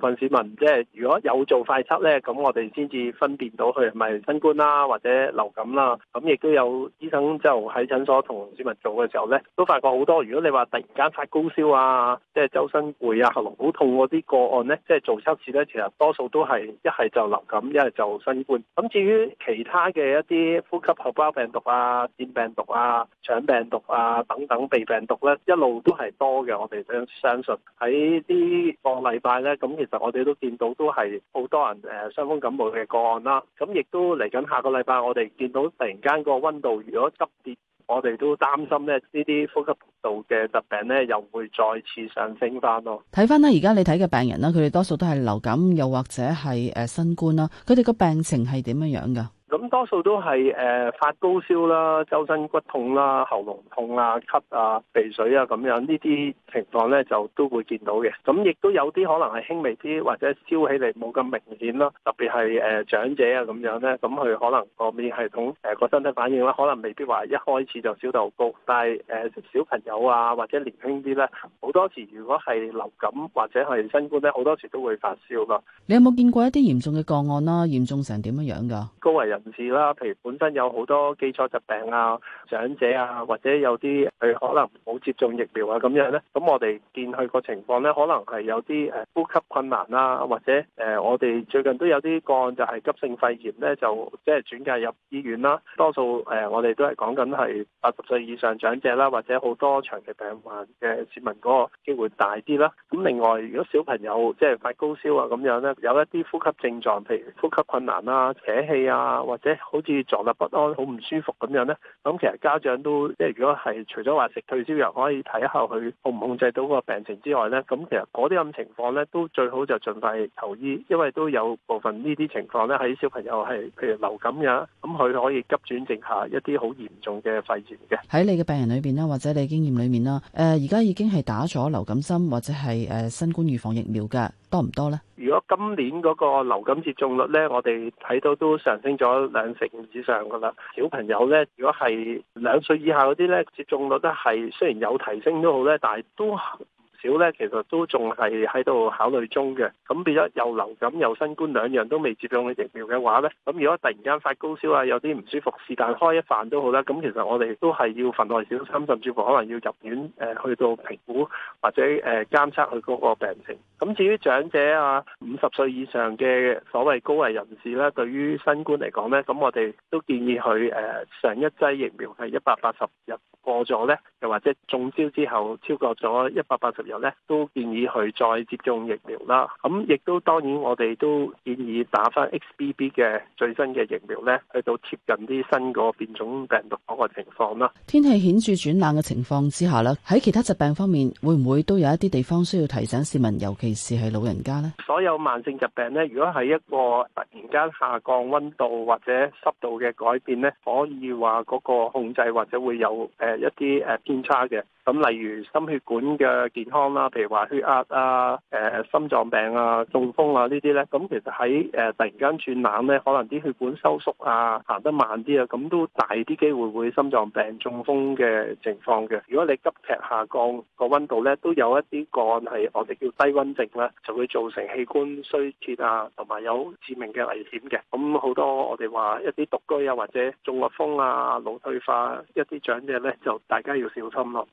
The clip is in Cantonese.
份市民即係如果有做快測咧，咁我哋先至分辨到佢係咪新冠啦、啊，或者流感啦、啊。咁亦都有醫生就喺診所同市民做嘅時候咧，都發覺好多。如果你話突然間發高燒啊，即係周身攰啊、喉嚨好痛嗰啲個案咧，即、就、係、是、做測試咧，其實多數都係一係就流感，一係就新冠。咁至於其他嘅一啲呼吸合胞病毒啊、腺病毒啊、腸病毒啊等等，鼻病毒咧，一路都係多嘅。我哋相相信喺啲個禮拜咧，咁其實我哋都見到都係好多人誒，傷風感冒嘅個案啦。咁亦都嚟緊下、下個禮拜，我哋見到突然間個溫度如果急跌，我哋都擔心咧，呢啲呼吸道嘅疾病咧又會再次上升翻咯。睇翻啦，而家你睇嘅病人啦，佢哋多數都係流感又或者係誒新冠啦。佢哋個病情係點樣樣噶？咁多數都係誒、呃、發高燒啦、周身骨痛啦、喉嚨痛啊、咳啊、鼻水啊，咁樣呢啲情況咧，就都會見到嘅。咁亦都有啲可能係輕微啲，或者燒起嚟冇咁明顯啦，特別係誒長者啊咁樣咧，咁佢可能個免疫系統誒個、呃、身體反應啦，可能未必話一開始就燒到高。但係誒、呃、小朋友啊，或者年輕啲咧，好多時如果係流感或者係新冠咧，好多時都會發燒㗎。你有冇見過一啲嚴重嘅個案啦、啊？嚴重成點樣㗎？高危人。唔似啦，譬如本身有好多基礎疾病啊、長者啊，或者有啲佢可能冇接種疫苗啊咁樣咧，咁我哋見佢個情況咧，可能係有啲誒呼吸困難啊，或者誒、呃、我哋最近都有啲個案就係急性肺炎咧，就即係、就是、轉介入醫院啦、啊。多數誒、呃、我哋都係講緊係八十歲以上長者啦、啊，或者好多長期病患嘅市民嗰個機會大啲啦、啊。咁另外，如果小朋友即係、就是、發高燒啊咁樣咧，有一啲呼吸症狀，譬如呼吸困難啊、扯氣啊。或者好似坐立不安、好唔舒服咁樣呢。咁其實家長都即係如果係除咗話食退燒藥可以睇下佢控唔控制到個病情之外呢。咁其實嗰啲咁情況呢，都最好就儘快求醫，因為都有部分呢啲情況呢，喺小朋友係譬如流感㗎，咁佢可以急轉直下一啲好嚴重嘅肺炎嘅。喺你嘅病人裏邊啦，或者你經驗裏面啦，誒而家已經係打咗流感針或者係誒、呃、新冠預防疫苗嘅多唔多呢？如果今年嗰個流感接種率呢，我哋睇到都上升咗兩成以上㗎喇。小朋友呢，如果係兩歲以下嗰啲呢，接種率都係雖然有提升都好呢，但係都。少咧，其實都仲係喺度考慮中嘅。咁變咗又流感又新冠兩樣都未接種嘅疫苗嘅話咧，咁如果突然間發高燒啊，有啲唔舒服，是但開一飯都好啦。咁其實我哋都係要份外小心，甚至乎可能要入院誒去到評估或者誒監測佢嗰個病情。咁至於長者啊，五十歲以上嘅所謂高危人士咧，對於新冠嚟講咧，咁我哋都建議佢誒上一劑疫苗係一百八十日過咗咧，又或者中招之後超過咗一百八十日。咧都建議去再接種疫苗啦，咁亦都當然我哋都建議打返 XBB 嘅最新嘅疫苗咧，去到貼近啲新個變種病毒嗰個情況啦。天氣顯著轉冷嘅情況之下咧，喺其他疾病方面會唔會都有一啲地方需要提醒市民，尤其是係老人家呢？所有慢性疾病咧，如果係一個突然間下降溫度或者濕度嘅改變咧，可以話嗰個控制或者會有誒一啲誒偏差嘅。咁例如心血管嘅健康啦，譬如話血壓啊、誒心臟病啊、中風啊呢啲咧，咁其實喺誒突然間轉冷咧，可能啲血管收縮啊，行得慢啲啊，咁都大啲機會會心臟病、中風嘅情況嘅。如果你急劇下降個温度咧，都有一啲個案係我哋叫低温症啦，就會造成器官衰竭啊，同埋有，有致命嘅危險嘅。咁好多我哋話一啲獨居啊，或者中咗風啊、腦退化一啲長者咧，就大家要小心咯。